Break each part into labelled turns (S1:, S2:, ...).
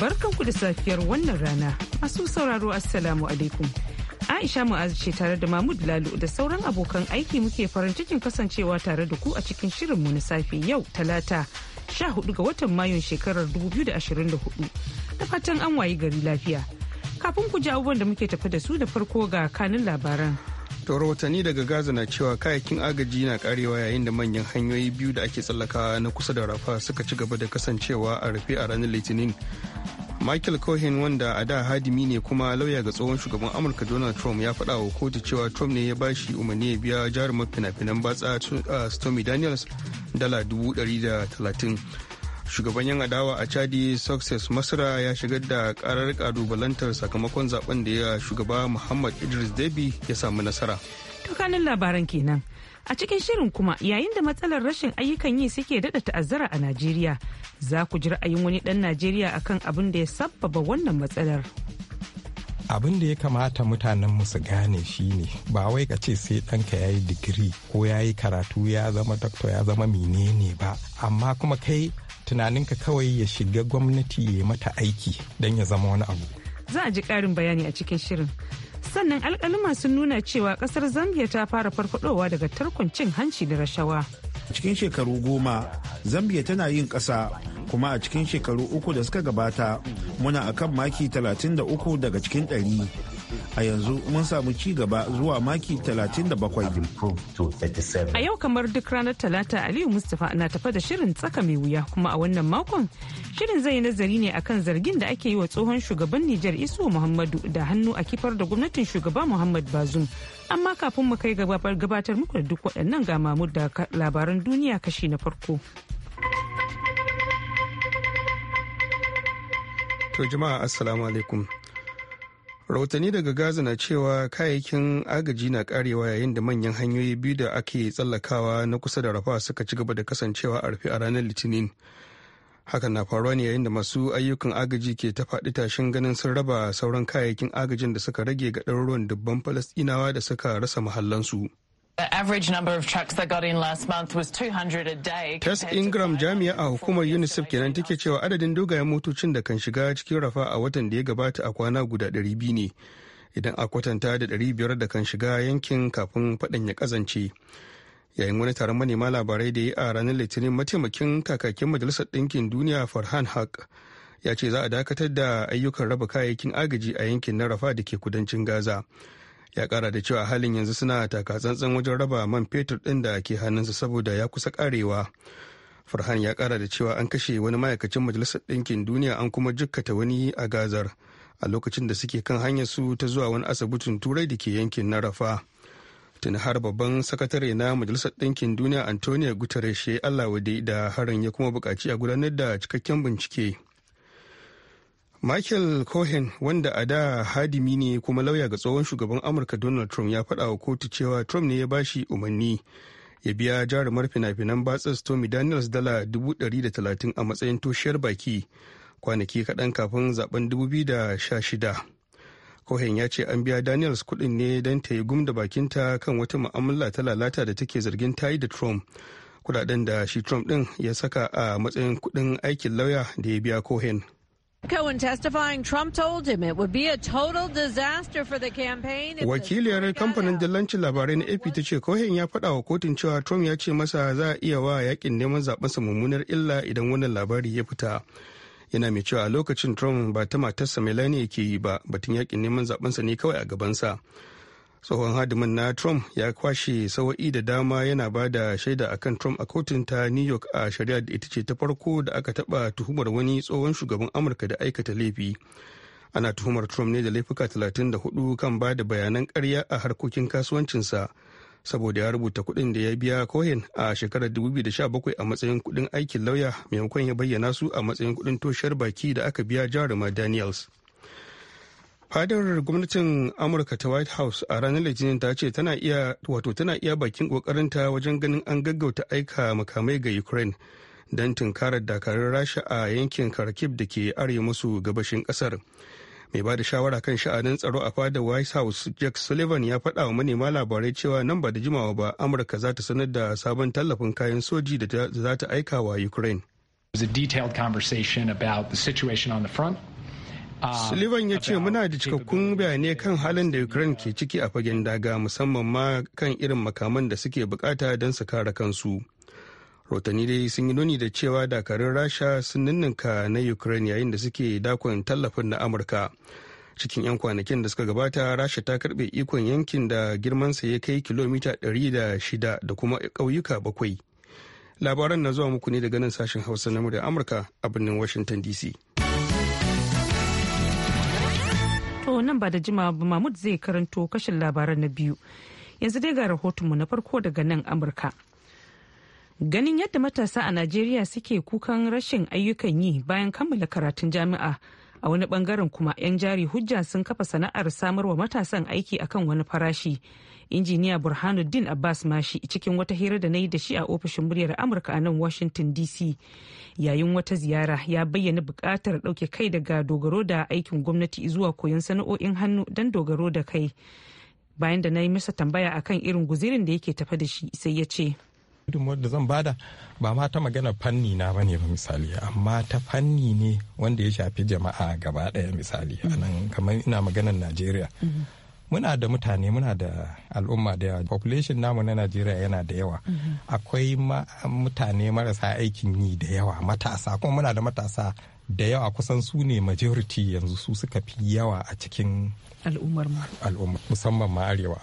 S1: barkanku da safiyar wannan rana masu sauraro assalamu alaikum aisha mu'azu ce tare da mahmud lalu da sauran abokan aiki muke farin cikin kasancewa tare da ku a cikin shirin mu na safe yau talata 14 ga watan mayun shekarar 2024 da fatan an wayi gari lafiya kafin ku ji abubuwan da muke tafi da su da farko ga kanin labaran
S2: to rahotanni daga gaza na cewa kayakin agaji na karewa yayin da manyan hanyoyi biyu da ake tsallakawa na kusa da rafa suka ci gaba da kasancewa a rufe a ranar litinin michael cohen wanda a da hadimi ne kuma lauya ga tsohon shugaban amurka donald trump ya faɗa wa kotu cewa trump ne ya bashi umarni ya biya jarumar fina-finan batsa a uh, stormy daniels dala 130 shugaban yan adawa a chadi success masra ya shigar da karar kalubalantar sakamakon zaben da ya shugaba muhammad idris debi ya samu nasara
S1: dukkanin labaran kenan a cikin shirin kuma yayin da matsalar rashin ayyukan yi suke dada ta'azzara a najeriya za ku ji ra'ayin wani dan najeriya akan abin da ya sabbaba wannan matsalar
S3: abin da ya kamata mutanenmu su gane shine ba wai ka ce sai ɗanka ya yi digiri ko ya yi karatu ya zama doctor ya zama menene ba amma kuma kai tunaninka kawai ya shiga gwamnati ya mata aiki don ya zama wani abu
S1: za a ji ƙarin bayani a cikin shirin sannan alkalima sun nuna cewa ƙasar zambia ta fara farfadowa daga tarkon cin hanci da rashawa cikin shekaru
S4: goma zambia tana yin ƙasa kuma a cikin shekaru uku da suka gabata muna akan maki 33 daga cikin ɗari a yanzu mun samu ci gaba zuwa maki 37. A
S1: yau kamar duk ranar Talata Aliyu Mustapha na tafa da shirin tsaka mai wuya kuma a wannan makon shirin zai nazari ne akan zargin da ake yi wa tsohon shugaban Nijar Isu Muhammadu da hannu a kifar da gwamnatin shugaba Muhammad Bazum. Amma kafin mu kai gabatar muku da duk waɗannan ga da labaran duniya kashi na farko.
S2: To jama'a assalamu alaikum. rahotanni daga gaza na cewa kayayyakin agaji na karewa yayin da manyan hanyoyi biyu da ake tsallakawa na kusa da rafa suka ci gaba da kasancewa a rufe a ranar litinin hakan na faruwa ne yayin da masu ayyukan agaji ke ta faɗi tashin ganin sun raba sauran kayayyakin agajin da suka rage ga ɗaruruwan dubban falasɗinawa da suka rasa mahallansu. su
S3: Tess Ingram
S2: jami'a a hukumar UNICEF kenan take cewa adadin dogayen motocin da kan shiga cikin rafa a watan da ya gabata a kwana guda 200 ne idan a kwatanta da 500 da kan shiga yankin kafin faɗan ya kazance. Yayin wani taron manema labarai da ya a ranar Litinin mataimakin kakakin Majalisar Ɗinkin Duniya Farhan Haq ya ce za a dakatar da ayyukan raba kayayyakin agaji a yankin na rafa da ke kudancin Gaza. ya kara da cewa halin yanzu suna taka takatsantsan wajen raba man fetur ɗin da ke hannunsa saboda ya kusa karewa farhan ya kara da cewa an kashe wani ma'aikacin majalisar ɗinkin duniya an kuma jikkata wani a gazar a lokacin da suke kan hanyar su ta zuwa wani asibitin turai da ke yankin na rafa tuni har babban sakatare na majalisar ɗinkin duniya antonio guterres ya allah wade da harin ya kuma bukaci a gudanar da cikakken bincike Michael Cohen wanda a da hadimi ne kuma lauya ga tsohon shugaban Amurka Donald Trump ya faɗa wa kotu cewa Trump ne ya bashi umarni ya biya jarumar fina-finan batsar Stormy Daniels dala 130 a matsayin toshiyar baki kwanaki kaɗan kafin zaben 2016. Cohen ya ce an biya Daniels kuɗin ne don ta yi gum da bakinta kan wata mu'amala ta lalata da take zargin ta yi da Trump. Kudaden da shi Trump ɗin ya saka a matsayin kuɗin aikin lauya da ya biya Cohen.
S1: Cohen testifying Trump told him it would be a total disaster for the campaign.
S2: Wakiliyar kamfanin dillancin labarai na AP ta ce Cohen ya faɗa wa kotun cewa Trump ya ce masa za a iya wa yakin neman zaɓensa mummunar illa idan wannan labari ya fita. Yana mai cewa a lokacin Trump ba ta matarsa Melania ke yi ba batun yakin neman zaɓensa ne kawai a gabansa. tsohon hadimin na trump ya kwashe sawa'i da dama yana ba da shaida akan trump a kotun ta new york a shari'a da ita ce ta farko da aka taba tuhumar wani tsohon shugaban amurka da aikata laifi ana tuhumar trump ne da laifuka 34 kan ba da bayanan karya a harkokin kasuwancinsa saboda ya rubuta kuɗin da ya biya cohen a shekarar 2017 a matsayin kuɗin aikin lauya maimakon ya bayyana su a matsayin kuɗin toshiyar baki da aka biya jaruma daniels fadar gwamnatin amurka ta white house a ranar litinin ta ce tana iya wato tana iya bakin kokarinta wajen ganin an gaggauta aika makamai ga ukraine don tunkarar dakarun rasha a yankin kharkiv da ke arewa masu gabashin kasar mai ba da shawara kan sha'anin tsaro a fadar white house jack sullivan ya faɗa wa manema labarai cewa nan ba da jimawa ba amurka za ta sanar da sabon tallafin kayan soji da za ta aika wa ukraine. It was a detailed conversation about the situation on
S3: Sullivan ya ce muna da
S2: cikakkun bayanai kan halin da Ukraine ke ciki a fagen daga musamman ma kan irin makaman da suke bukata don su kare kansu. Rotani dai sun yi nuni da cewa dakarun Rasha sun ninninka na Ukraine yayin da suke dakon tallafin na Amurka. cikin 'yan kwanakin da suka gabata rasha ta karbe ikon yankin da girmansa ya kai kilomita 106 da kuma ƙauyuka bakwai labaran na zuwa muku ne daga nan sashen hausa na murya amurka a birnin washington dc
S1: nan ba da jima ba Mahmud zai karanto kashin labaran na biyu. Yanzu dai ga rahotonmu na farko daga nan Amurka. Ganin yadda matasa a Najeriya suke kukan rashin ayyukan yi bayan kammala karatun jami'a. A wani bangaren kuma 'yan jari hujja sun kafa sana'ar samarwa matasan aiki akan wani farashi injiniya burhanuddin abbas mashi cikin wata hira da na yi da shi a ofishin muryar amurka a nan washington dc yayin wata ziyara ya bayyana bukatar ɗauke kai daga dogaro da aikin gwamnati zuwa koyon sana'o'in hannu don dogaro da kai bayan da na yi masa tambaya akan irin guzirin da yake tafa da shi sai ya ce
S3: gudunmuwar da zan bada ba ma ta magana fanni na bane ba misali amma ta fanni ne wanda ya shafi jama'a gaba daya misali anan nan kamar ina maganar najeriya mhm. muna da mutane muna da al'umma da yawa population namu na najeriya yana da yawa mhm. akwai mutane marasa aikin yi da yawa matasa kuma muna da matasa da yawa kusan su ne majority yanzu su suka fi yawa a cikin al'ummar musamman ma arewa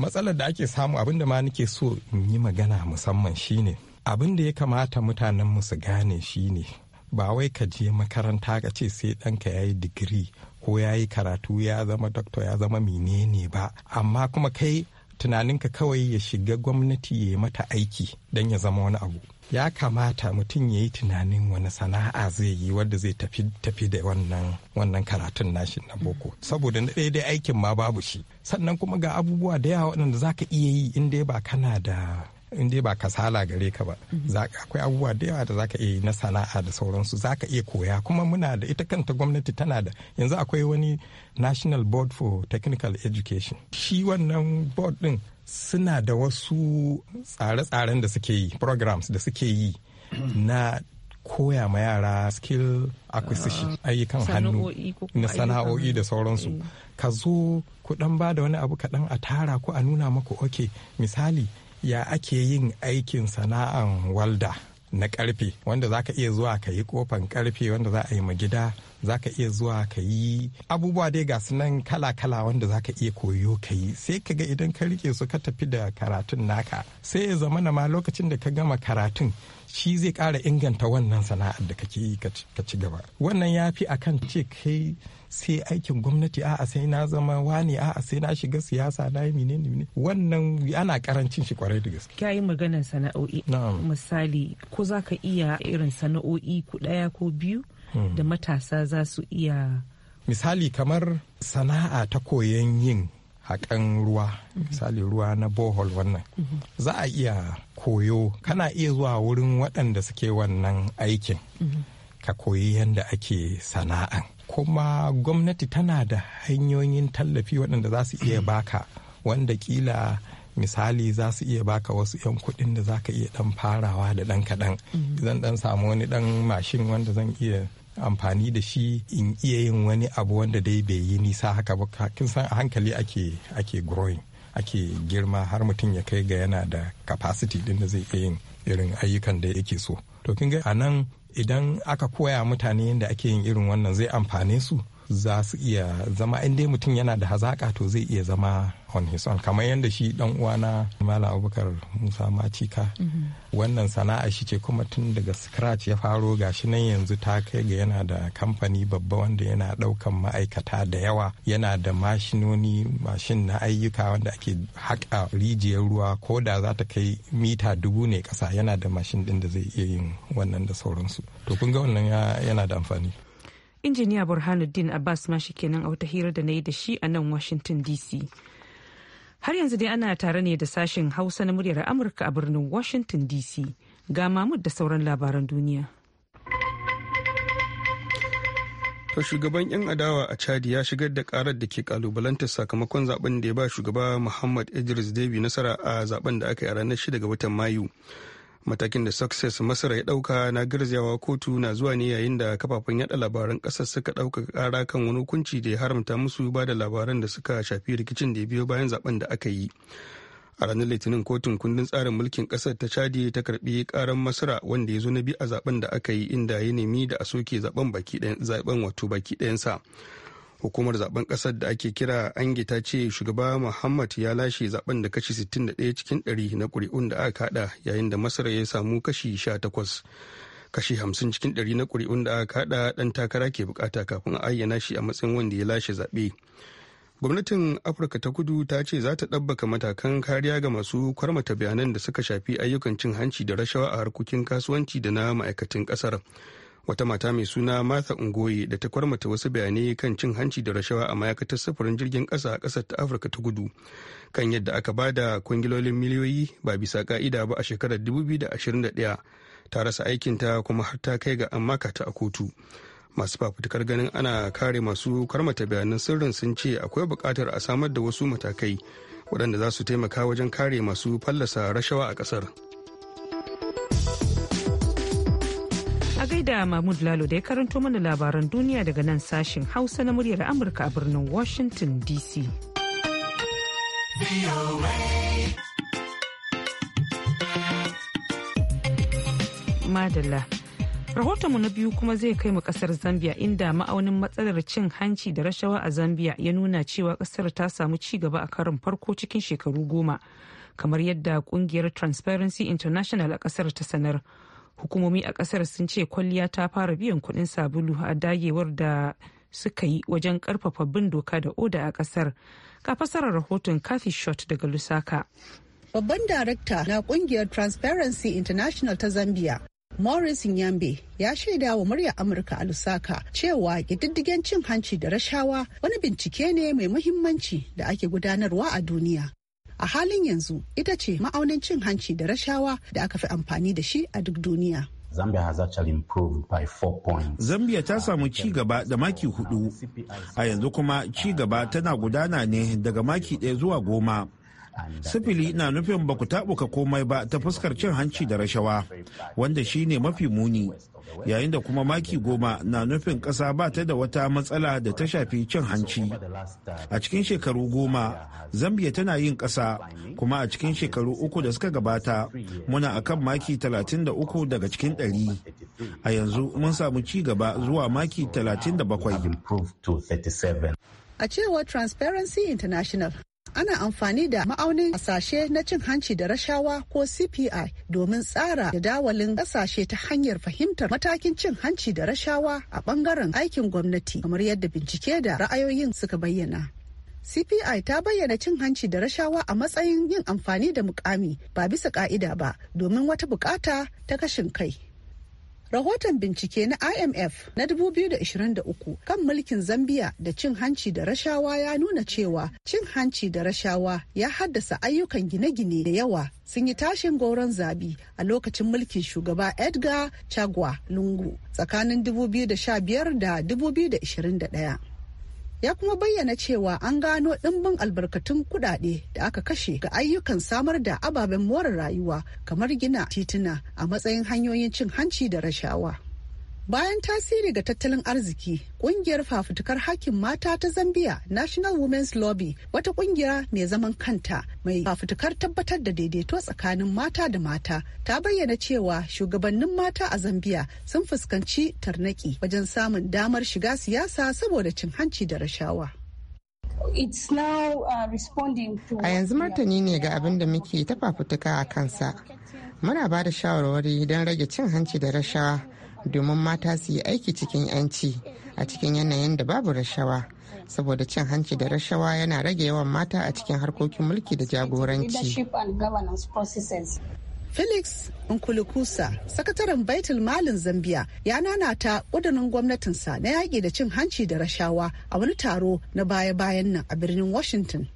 S3: matsalar da ake samu abin da ma nake so in yi magana musamman shine abin da ya kamata mutanen mu su gane shine ba wai ka je makaranta ka ce sai ɗanka ya yi digiri ko ya yi karatu ya zama doktor ya zama menene ba amma kuma kai tunaninka kawai ya shiga gwamnati ya yi mata aiki don ya zama wani abu ya kamata mutum ya yi tunanin wani sana'a zai yi wadda zai tafi da wannan wannan karatun nashi na boko saboda na dai aikin ma babu shi sannan kuma ga abubuwa da yawa waɗanda za ka iya yi in dai ba kana da in dai ba kasala gare ka ba mhm. akwai abubuwa da yawa da zaka iya na sana'a da sauransu zaka iya koya kuma muna da ita kanta gwamnati tana da yanzu akwai wani national board for technical education shi wannan board din suna da wasu tsare-tsaren da suke yi programs da suke yi mhm. na koya ma yara skill acquisition ah, ayyukan hannu na sana'o'i da sauransu eh. ka zo ku ba da wani abu kaɗan a tara ko a nuna maku oke misali ya ake yin aikin sana'an walda na karfe wanda zaka iya zuwa ka yi kofan karfe wanda za a yi gida ka iya zuwa ka yi abubuwa dai gasu nan kala-kala wanda za ka iya koyo ka yi sai ka ga idan ka rike su ka tafi da karatun naka sai ya zama na ma lokacin da ka gama karatun shi zai ƙara inganta wannan sana'ar da kake yi ka ci gaba wannan ya fi akan ce kai sai aikin gwamnati a sai na zama wani a sai na shiga siyasa na yi menene wannan ana karancin shi kwarai da gaske
S1: kayi maganar sana'o'i misali ko za ka iya irin sana'o'i ku ɗaya ko biyu hmm. da matasa za su iya
S3: misali kamar sana'a ta koyon yin haƙan ruwa misali ruwa na bohol wannan za a iya koyo kana iya zuwa wurin waɗanda suke wannan aikin ka koyi yadda ake sana'an kuma gwamnati tana da hanyoyin tallafi waɗanda za su iya baka wanda kila misali za su iya baka wasu 'yan kuɗin da za ka iya ɗan farawa da ɗan kaɗan zan ɗan samu wani ɗan mashin wanda zan iya amfani da shi in iya yin wani abu wanda dai bai yi nisa haka ba kin san a hankali ake ake growing ake girma har mutum ya kai ga yana da capacity din da zai iya yin irin ayyukan da yake so to kin ga anan idan aka koya mutane yadda ake yin irin wannan zai amfane su za su iya zama in dai mutum yana da hazaka to zai iya zama on his own kamar yadda shi dan uwana malam abubakar musa macika mm-hmm. wannan sana'a shi ce kuma tun daga scratch ya faro ga shi nan yanzu ta kai ga yana da kamfani babba wanda yana daukan ma'aikata da yawa yana da mashinoni mashin na ayyuka wanda ake haƙa rijiyar ruwa ko da za ta kai mita dubu ne ƙasa yana da mashin din da zai iya yin wannan da sauransu to kun ga wannan yana da amfani
S1: injiniya burhanuddin abbas ma shi kenan a wata hira da na yi da shi a nan washington dc har yanzu dai ana tare ne da sashen hausa na muryar amurka a birnin washington dc ga mamud da sauran labaran duniya
S2: to shugaban 'yan adawa a chadi ya shigar da karar da ke kalubalantar sakamakon zaben da ya ba shugaba muhammad idris debi nasara a zaben da aka yi a ranar 6 ga watan mayu matakin da success masar ya dauka na garzawa kotu na zuwa ne yayin da kafafen yada labaran kasar suka dauka kara kan wani hukunci da ya haramta musu ba da labaran da suka shafi rikicin da ya biyo bayan zaben da aka yi a ranar litinin kotun kundin tsarin mulkin kasar ta chadi ta karbi karan masara wanda ya zo na biyu a zaben da aka yi inda ya nemi da a soke zaben wato baki ɗayansa hukumar zaben kasar da ake kira ange ta ce shugaba muhammad ya lashe zaben da kashi 61 cikin 100 na kuri'un da aka kada yayin da masar ya samu kashi 18 kashi 50 cikin 100 na kuri'un da aka kada dan takara ke bukata kafin a ayyana shi a matsayin wanda ya lashe zaɓe gwamnatin afirka ta kudu ta ce za ta ɗabbaka matakan kariya ga masu kwarmata bayanan da suka shafi ayyukan cin hanci da rashawa a harkokin kasuwanci da na ma'aikatan ƙasar wata mata mai suna martha ungoyi da ta kwarmata wasu bayanai kan cin hanci da rashawa a mayakatar sufurin jirgin ƙasa a ƙasar ta afirka ta gudu kan yadda aka ba da kwangilolin miliyoyi ba bisa ka'ida ba a shekarar 2021 ta rasa aikinta kuma har ta kai ga an ta a kotu masu fafutukar ganin ana kare masu karmata bayanan sirrin sun ce akwai buƙatar a samar da wasu matakai waɗanda za su taimaka wajen kare masu fallasa rashawa a ƙasar.
S1: A gaida Mahmud Lalo da ya karanto mana labaran duniya daga nan sashen Hausa na muryar Amurka a birnin Washington DC. Madalla. Rahotonmu na biyu kuma zai kai mu kasar Zambia inda ma'aunin matsalar cin hanci da rashawa a Zambia ya nuna cewa kasar ta samu ci gaba a karin farko cikin shekaru goma. Kamar yadda kungiyar Transparency International a kasar ta sanar. hukumomi a kasar sun ce kwalliya ta fara biyan kuɗin sabulu a dagewar da suka yi wajen karfafa bin doka da oda a kasar ka fasarar rahoton kathy shot daga lusaka
S5: babban darakta na kungiyar transparency international ta zambia Morris Nyambe ya shaida wa murya Amurka a Lusaka cewa ƙididdigen cin hanci da rashawa wani bincike ne mai muhimmanci da ake gudanarwa a duniya. a halin yanzu ita ce ma'aunin cin hanci da rashawa da aka fi amfani da shi a duk duniya.
S4: Zambia ta samu ci gaba da maki hudu, a yanzu kuma ci gaba tana gudana ne daga maki ɗaya zuwa goma. Sifili na nufin ba ku taɓuka komai ba ta fuskar cin hanci da rashawa, wanda shi ne mafi muni. yayin da kuma maki goma na nufin ƙasa ba ta da wata matsala da ta shafi cin hanci a cikin shekaru goma zambia tana yin ƙasa kuma a cikin shekaru uku da suka gabata muna akan maki talatin da uku daga cikin 100 a yanzu mun samu ci gaba zuwa maki talatin da 37
S5: a cewar transparency international ana amfani da ma'aunin hasashe na cin hanci da rashawa ko CPI domin tsara da dawalin kasashe ta hanyar fahimtar matakin cin hanci da rashawa a bangaren aikin gwamnati kamar yadda bincike da ra'ayoyin suka bayyana. CPI ta bayyana cin hanci da rashawa a matsayin yin amfani da mukami ba bisa ka'ida ba domin wata bukata ta kashin kai. Rahoton bincike na IMF na 2023 kan mulkin Zambiya da cin hanci da rashawa ya nuna cewa cin hanci da rashawa ya haddasa ayyukan gine-gine da yawa sun yi tashin goron zabi a lokacin mulkin shugaba Edgar Chagwa Lungu tsakanin 2015 da 2021. ya kuma bayyana cewa an gano ɗimbin albarkatun kuɗaɗe da aka kashe ga ayyukan samar da ababen more rayuwa kamar gina tituna a matsayin hanyoyin cin hanci da rashawa. Bayan tasiri ga tattalin arziki, kungiyar fafutukar hakkin mata ta Zambia National Women's Lobby wata kungiya mai zaman kanta mai fafutukar tabbatar da daidaito tsakanin mata da mata ta bayyana cewa shugabannin mata a Zambia sun fuskanci tarnaki wajen samun damar shiga siyasa saboda
S1: cin hanci da rashawa.
S5: Uh,
S1: a yanzu martani ne ga abin da muke ta fafutuka a kansa. Muna ba da shawarwari don rage cin hanci da rashawa domin mata su yi aiki cikin 'yanci a cikin yanayin da babu rashawa saboda cin hanci da rashawa yana rage yawan mata a cikin harkokin mulki da jagoranci.
S5: Felix Nkulukusa, sakataren baitul malin Zambia, ya nanata ƙudurin gwamnatinsa na yaƙi da cin hanci da rashawa a wani taro na baya-bayan nan a birnin Washington.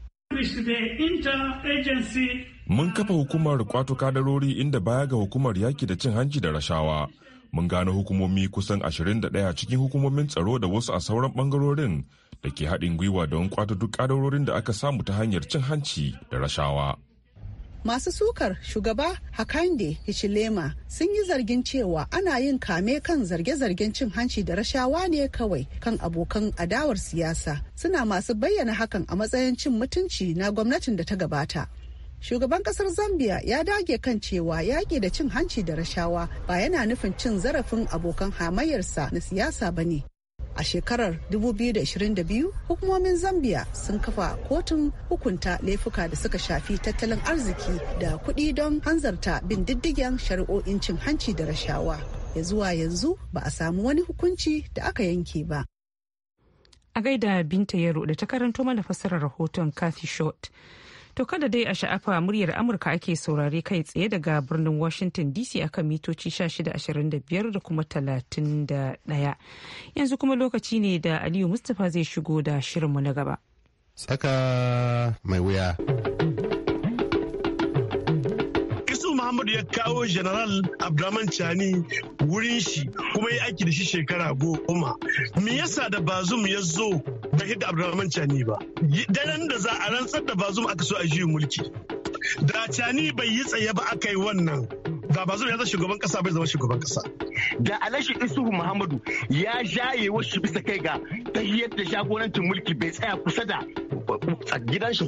S3: Mun kafa hukumar kwato kadarori inda baya ga hukumar yaƙi da cin hanci da rashawa. mun gano hukumomi kusan 21 cikin hukumomin tsaro da wasu a sauran bangarorin da ke haɗin gwiwa don kwato duk ƙadarorin da aka samu ta hanyar cin hanci da rashawa.
S5: Masu sukar shugaba Hakande Hichilema sun yi zargin cewa ana yin kame kan zarge-zargen cin hanci da rashawa ne kawai kan abokan adawar siyasa suna masu bayyana hakan a matsayin cin mutunci na gwamnatin da ta gabata. shugaban kasar zambia ya dage kan cewa yaƙi da cin hanci da rashawa ba yana nufin cin zarafin abokan hamayyarsa na siyasa ba ne a shekarar 2022 hukumomin zambia sun kafa kotun hukunta laifuka da suka shafi tattalin arziki da kuɗi don hanzarta bin diddigen shari'o'in cin hanci da rashawa ya zuwa yanzu ba a samu wani hukunci da aka yanke ba
S1: a gaida binta yaro da ta karanto mana fassarar rahoton kathy short To kada dai a sha'afa muryar Amurka ake saurare kai tsaye daga birnin Washington DC akan mitoci 1625 da biyar da kuma 31. Yanzu kuma lokaci ne da Aliyu Mustapha zai shigo da shirinmu na gaba.
S6: Tsaka mai wuya.
S4: Muhammadu ya kawo General Abdulrahman Chani wurin shi kuma ya aiki da shi shekara goma. Me yasa da Bazum ya zo da hidda Abdulrahman Chani ba? Daren da za a rantsar da Bazum aka so a juyin mulki. Da Chani bai yi tsaye ba aka yi wannan. da ba ya zama shugaban kasa bai zama shugaban kasa. Da Alhaji Isuhu Muhammadu ya jaye wasu bisa kai ga ta yadda
S7: shagonancin mulki bai tsaya kusa da gidan shi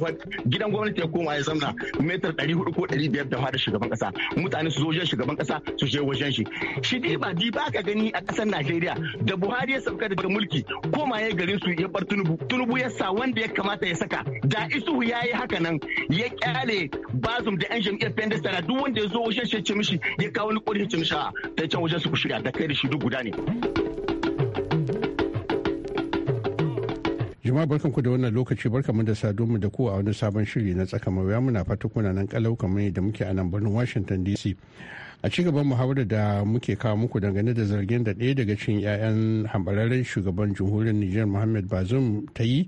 S7: gidan gwamnati ya koma ya zamna metar 400 ko 500 da fara shugaban kasa mutane su zo wajen shugaban kasa su je wajen shi shi dai ba di ba ka gani a kasar Najeriya da Buhari ya sauka daga mulki koma ya garin su ya bar Tunubu Tunubu ya sa wanda ya kamata ya saka da isu ya yi haka nan ya kyale Bazum da yan jam'iyyar Pendestara duk wanda ya zo wajen shi ya ce mishi ya kawo ni kodi ya ce mishi ta can wajen su ku shirya da kai da shi duk guda ne.
S6: Jama'a barkanku da wannan lokaci barkanmu da sadu mu da ku a wani sabon shiri na tsaka mawuya muna fata kuna nan kalau kamar da muke a nan birnin Washington DC. A ci gaban muhawarar da muke kawo muku dangane da zargin da ɗaya daga cikin 'ya'yan hambararren shugaban jamhuriyar niger Muhammad Bazoum ta yi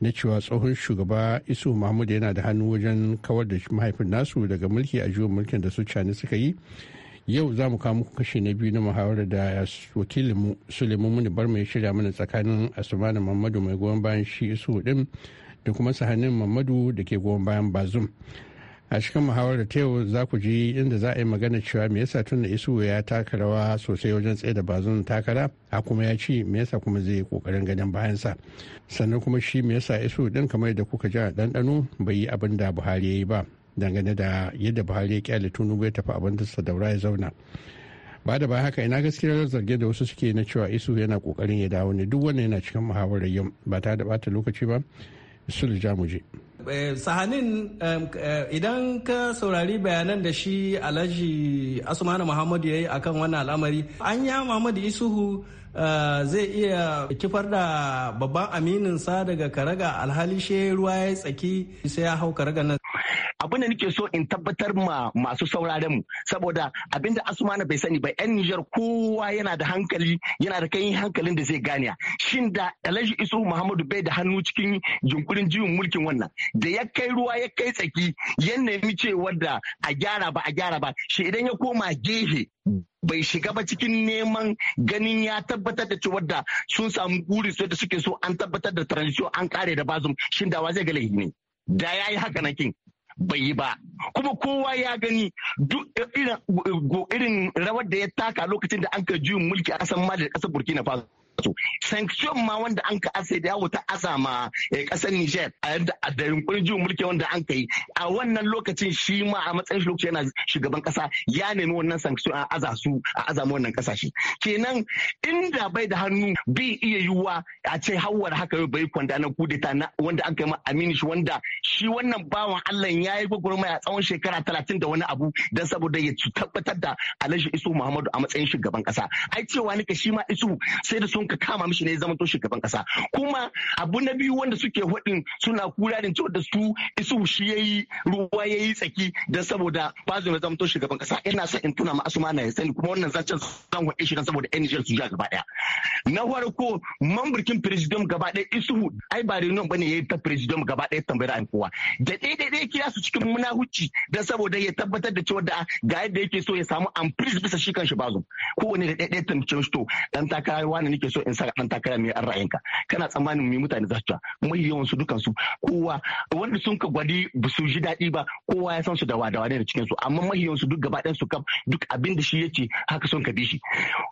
S6: na cewa tsohon shugaba Isu Mahmud yana da hannu wajen kawar da mahaifin nasu daga mulki a juyin mulkin da su cani suka yi. yau za mu kawo kashi na biyu na muhawara da wakilinmu suleiman muni bar mai shirya mana tsakanin asumana mamadu mai goyon bayan shi isu din da kuma sahanin mamadu da ke goyon bayan bazum a cikin muhawara ta yau za ku ji inda za a yi magana cewa me yasa tun da isu ya taka rawa sosai wajen tsaye da bazun takara a kuma ya ci me yasa kuma zai kokarin ganin bayansa sannan kuma shi me yasa isu din kamar da kuka ji a ɗanɗano bai yi abin da buhari ya yi ba dangane da yadda buhari ya kyale tunubu ya tafi abin da daura ya zauna ba da ba haka ina gaskiyar zarge da wasu suke na cewa isu yana kokarin ya dawo ne duk wannan yana cikin muhawarar yau ba ta da bata lokaci ba sulu jamuje
S8: eh, sahanin eh, idan ka saurari bayanan da shi alhaji asmanu muhammadu ya yi akan wannan al'amari an ya muhammadu isuhu eh, zai iya kifar da babban aminin sa daga karaga alhali shi ruwa ya tsaki sai ya hau karaga nan abin
S7: da nake so in tabbatar ma masu sauraren mu saboda abin da asmana bai sani ba yan nijar kowa yana da hankali yana da kai hankalin da zai gane shin da alhaji isu muhammadu bai da hannu cikin jinkurin jiwon mulkin wannan da ya kai ruwa ya kai tsaki ya nemi cewar da a gyara ba a gyara ba shi idan ya koma gehe bai shiga ba cikin neman ganin ya tabbatar da cewa da sun samu guri so da suke so an tabbatar da transition an kare da bazum shin da wa zai ga ne da ya haka nakin kin bai yi ba kuma kowa ya gani duk irin rawar da ya taka lokacin da an ka juyin mulki a ƙasar mali da ƙasar burkina faso su sanction ma wanda an ka asa da yawo ta asa ma kasar eh, Niger a yadda a da yunkurin jin mulki wanda an kai a wannan lokacin shi ma a matsayin shi lokacin yana shugaban kasa ya nemi wannan sanction a aza su a aza wannan kasashe kenan inda bai da hannu bi iya yiwuwa a ce hawar haka yau bai kwanta na kudeta na wanda an kai ma Aminu shi wanda shi wannan bawan Allah ya yi gwagwarmaya a tsawon shekara talatin da wani abu don saboda ya tabbatar da Alhaji Isu Muhammadu a matsayin shugaban kasa ai cewa nika shi ma Isu sai da sun ka kama mishi ne zama to shugaban kasa kuma abu na biyu wanda suke hudin suna kura da cewa da su isu shi yayi ruwa yayi tsaki da saboda bazu ne zama to shugaban kasa ina son in tuna ma asuma na sani kuma wannan zancen zan hudi shi dan saboda NGL su ja gaba daya na farko mamburkin president gaba daya isu ai ba reunion bane yayi ta president gaba daya tambayar an kowa da dai dai kira su cikin munahuci dan saboda ya tabbatar da cewa da ga yadda yake so ya samu amprise bisa shi kanshi bazu kowane da dai tantance to dan takarawa ne nake so in sa an takara mai ra'ayin ka kana tsammanin mai mutane za su ta mai yawan su dukan kowa wanda sun ka gwadi ba su ji daɗi ba kowa ya san su da wadawa ne da cikin su amma mai yawan su duk gaba ɗayan su kam duk abin da shi yace haka sun ka bi shi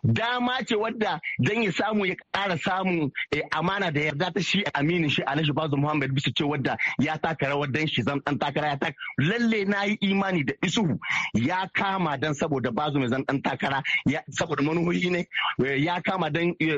S7: dama ce wadda dan ya samu ya ƙara samun eh, amana da yarda ta shi aminin shi Alhaji Bazu Muhammad bisa ce wadda ya taka rawar dan shi zan dan takara ya taka lalle na yi imani da isuhu ya kama dan saboda Bazu mai zan dan takara saboda manuhoyi ne eh, ya kama dan eh,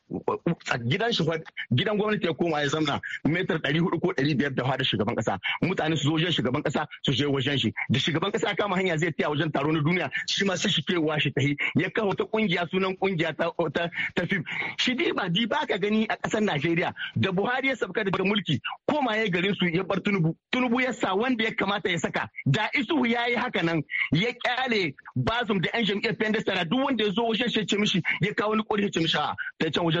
S7: gidan shi gidan gwamnati ya koma ya zamna metar 400 ko 500 da fada shugaban kasa mutane su zo wajen shugaban kasa su je wajen shi da shugaban kasa kama hanya zai taya wajen taro na duniya shi ma sai shi ke washi tahi ya kawo ta kungiya sunan kungiya ta ta ta fim shi dai ba di baka gani a kasar Najeriya da Buhari ya sabka da mulki koma ya garin su ya bar Tunubu Tunubu ya sa wanda ya kamata ya saka da Isuhu yayi haka nan ya kyale Bazum da yan jam'iyyar Pendestara duk wanda ya zo wajen shi ya ce mishi ya kawo ni kori ya ce mishi a ta can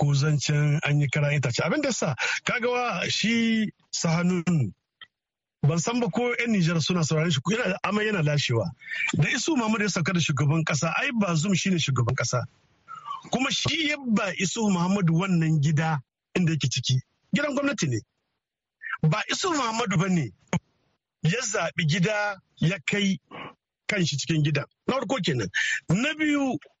S4: ko zancen an yi karan itace abin da sa kagawa shi sahanun ban san ba ko yan Nijar suna saurari shi yana amma yana lashewa da isu Muhammadu ya sauka da shugaban kasa ai ba shi ne shugaban kasa kuma shi ya ba isu Muhammadu wannan gida inda yake ciki gidan gwamnati ne ba isu Muhammadu ba ne ya zaɓi gida ya kai kan shi cikin gidan na farko kenan na biyu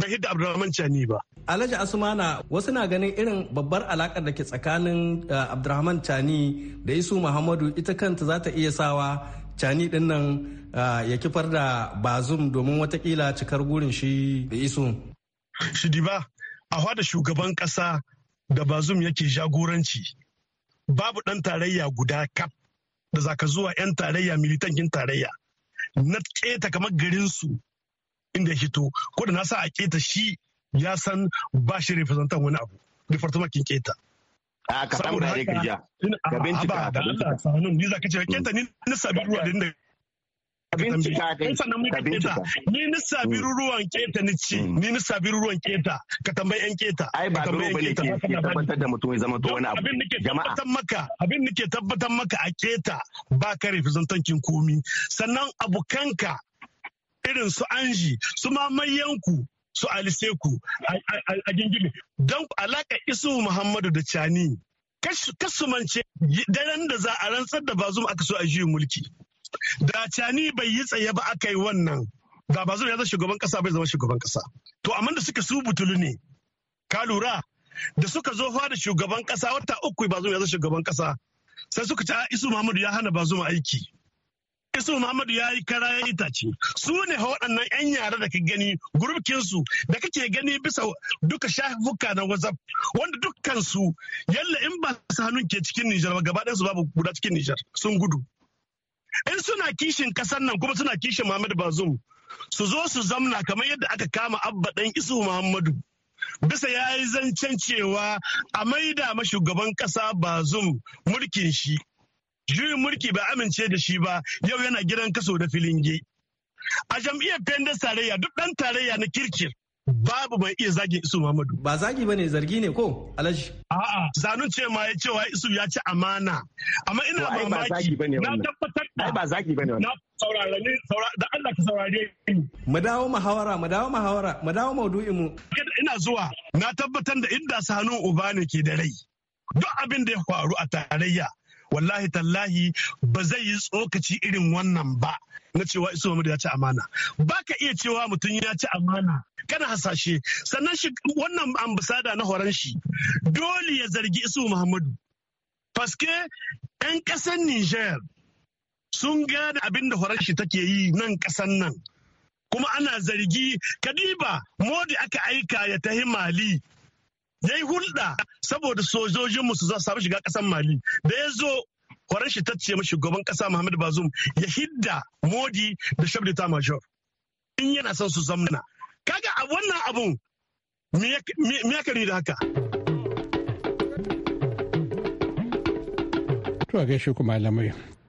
S8: bai hidda abdurrahman cani ba alhaji asmana wasu na ganin irin babbar alakar da ke tsakanin eh, abdurrahman cani da isu muhammadu ita kanta za ta iya sawa cani din nan eh, ya kifar da bazum domin watakila cikar gurin shi da isu shidi ba a hada shugaban kasa da bazum yake jagoranci
S4: babu dan tarayya guda kaf da zaka zuwa 'yan tarayya militankin tarayya na keta kamar garinsu inda ya hito ko da na sa a keta shi ya san ba shi representan wani abu department kin keta
S7: a ka samu da ka ja ka bincika da Allah sanun ni zaka ce keta ni
S4: na sabi ruwa din da ka bincika kai sannan muka ni na sabi mm. ruwan keta ni ci mm. ni na sabi ruwan keta ka tambayi yan keta ai ba dole bane ke tabbatar da
S7: mutum ya zama to wani abu jama'a
S4: abin maka abin nake tabbatar maka a keta ba ka representan kin komi sannan abokanka irin su anji su mamayyanku su aliseku a gingimi don alaka isu muhammadu da cani kasumance daren da za a rantsar da bazum aka so a juyi mulki da cani bai yi tsaye ba aka yi wannan da bazum ya zama shugaban kasa bai zama shugaban kasa to amma da suka su butulu ne ka lura da suka zo fara shugaban kasa wata uku bazum ya zama shugaban kasa sai suka ci isu muhammadu ya hana bazum aiki isu muhammadu ya yi kara ya itace su ne waɗannan yan yara da ka gani gurbikin su da kake gani bisa duka shafuka na wazaf wanda dukkan su yalla in ba su hannun ke cikin nijar ba gaba su babu guda cikin nijar sun gudu in suna kishin kasar nan kuma suna kishin muhammadu bazum su zo su zamna kamar yadda aka kama abba ɗan isu muhammadu bisa ya yi zancen cewa a maida ma shugaban ba bazum mulkin shi juyin mulki bai amince da shi ba yau yana gidan kaso da filingi a jam'iyyar pendas tarayya duk dan tarayya na kirkir babu mai iya zagin isu muhammadu ba zagi bane zargi ne ko alaji a'a zanun ce ma ya ce wa isu ya
S8: ci amana amma ina mamaki na tabbatar da ba zagi bane wannan saurare da Allah ka saurare ni mu dawo muhawara mu dawo muhawara mu dawo maudu'in mu
S4: ina zuwa na tabbatar da inda sanu uba ne ke da rai duk abin da ya faru a tarayya wallahi tallahi ba zai yi tsokaci irin wannan ba na cewa iso Muhammadu ya ci amana ba ka iya cewa mutum ya ci amana kana hasashe sannan shi wannan ambasada na horon shi dole ya zargi iso Muhammadu faske 'yan ƙasar Niger sun gane abin da horon shi take yi nan kasan nan kuma ana zargi kadiba modi aka aika ya tahi mali ya yi hulɗa saboda sojojinmu su samu shiga ƙasar mali da ya zo kwaran shi tacce mashi gaban ƙasa muhammad bazum ya hidda modi da shabda ta major in yana son su zamna kaga a wannan abun me ya kari da haka
S6: to a gaishe kuma malamai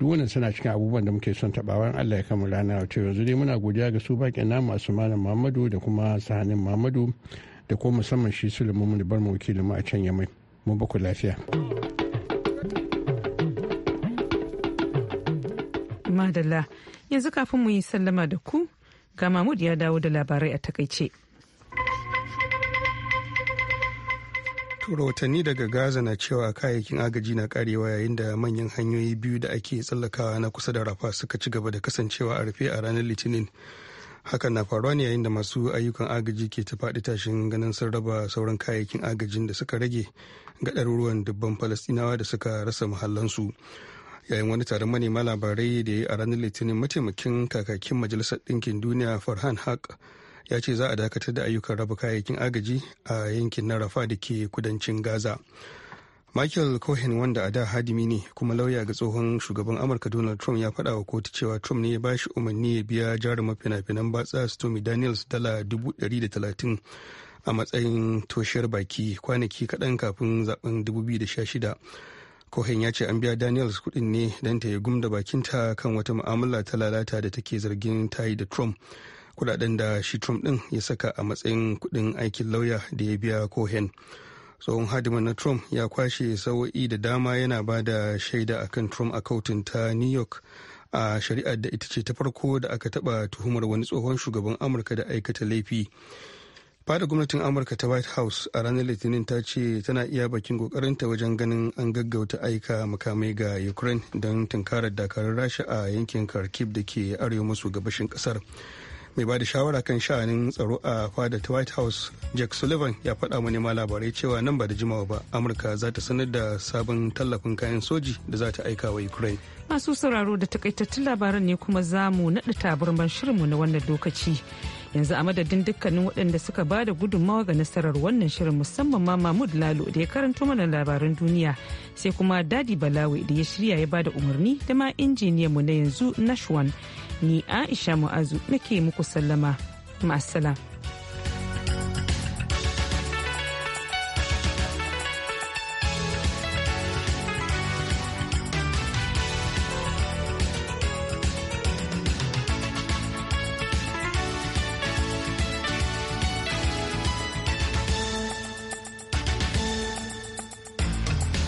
S6: duk wannan suna cikin abubuwan da muke son tabawan Allah ya kama rana wato yanzu dai muna godiya ga su bakin masu malam Muhammadu da kuma Sahanin Muhammadu da kuma musamman shi Sulaiman da bar mu wakili mu a can Yamai mu ba ku lafiya
S1: madalla yanzu kafin mu yi sallama da ku ga Mahmud ya dawo da labarai a takaice.
S2: rahotanni daga gaza na cewa kayayyakin agaji na karewa yayin da manyan hanyoyi biyu da ake tsallakawa na kusa da rafa suka ci gaba da kasancewa a rufe a ranar litinin hakan na faruwa ne yayin da masu ayyukan agaji ke ta faɗi tashin ganin sun raba sauran kayayyakin agajin da suka rage ga ɗaruruwan dubban falastinawa da suka rasa muhallansu yayin wani taron manema labarai da ya yi a ranar litinin mataimakin kakakin majalisar ɗinkin duniya farhan haq ya ce za a dakatar da ayyukan raba kayayyakin agaji a yankin na rafa da ke kudancin gaza michael cohen wanda a da hadimi ne kuma lauya ga tsohon shugaban amurka donald trump ya faɗa wa kotu cewa trump ne ya ba shi umarni ya biya jarumin fina-finan batsa stormy daniels dala 130 a matsayin toshiyar baki kwanaki kaɗan kafin zaben 2016 cohen ya ce an biya daniels kuɗin ne don ta yi gumda bakinta kan wata mu'amala ta lalata da take zargin ta yi da trump kudaden da shi trump din ya saka a matsayin kudin aikin lauya da ya biya cohen tsohon hadiman na trump ya kwashe sawo'i da dama yana ba da shaida akan trump a kautin ta new york a shari'ar da ita ce ta farko da aka taba tuhumar wani tsohon shugaban amurka da aikata laifi fada gwamnatin amurka ta white house a ranar litinin ta ce tana iya bakin kokarinta wajen ganin an gaggauta aika makamai ga ukraine don tunkarar dakarun rasha a yankin kharkiv da ke arewa maso gabashin kasar mai ba da shawara kan sha'anin tsaro a fadar ta white house jack sullivan ya faɗa ma labarai cewa nan ba da jimawa ba amurka za ta sanar da sabon tallafin kayan soji da za ta aika wa ukraine
S1: masu sauraro da takaitattun labaran ne kuma za mu naɗa taburman shirinmu na wannan lokaci yanzu a madadin dukkanin waɗanda suka ba da gudunmawa ga nasarar wannan shirin musamman ma mahmud lalo da ya karanto mana labaran duniya sai kuma dadi balawi da ya shirya ya ba da umarni da ma injiniyanmu na yanzu nashwan ni aisha mu'azu nake muku sallama ma'asala.